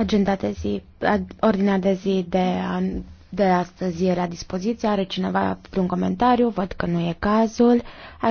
Agenda de zi, ordinea de zi de, de astăzi e la dispoziție. Are cineva un comentariu? Văd că nu e cazul. Aș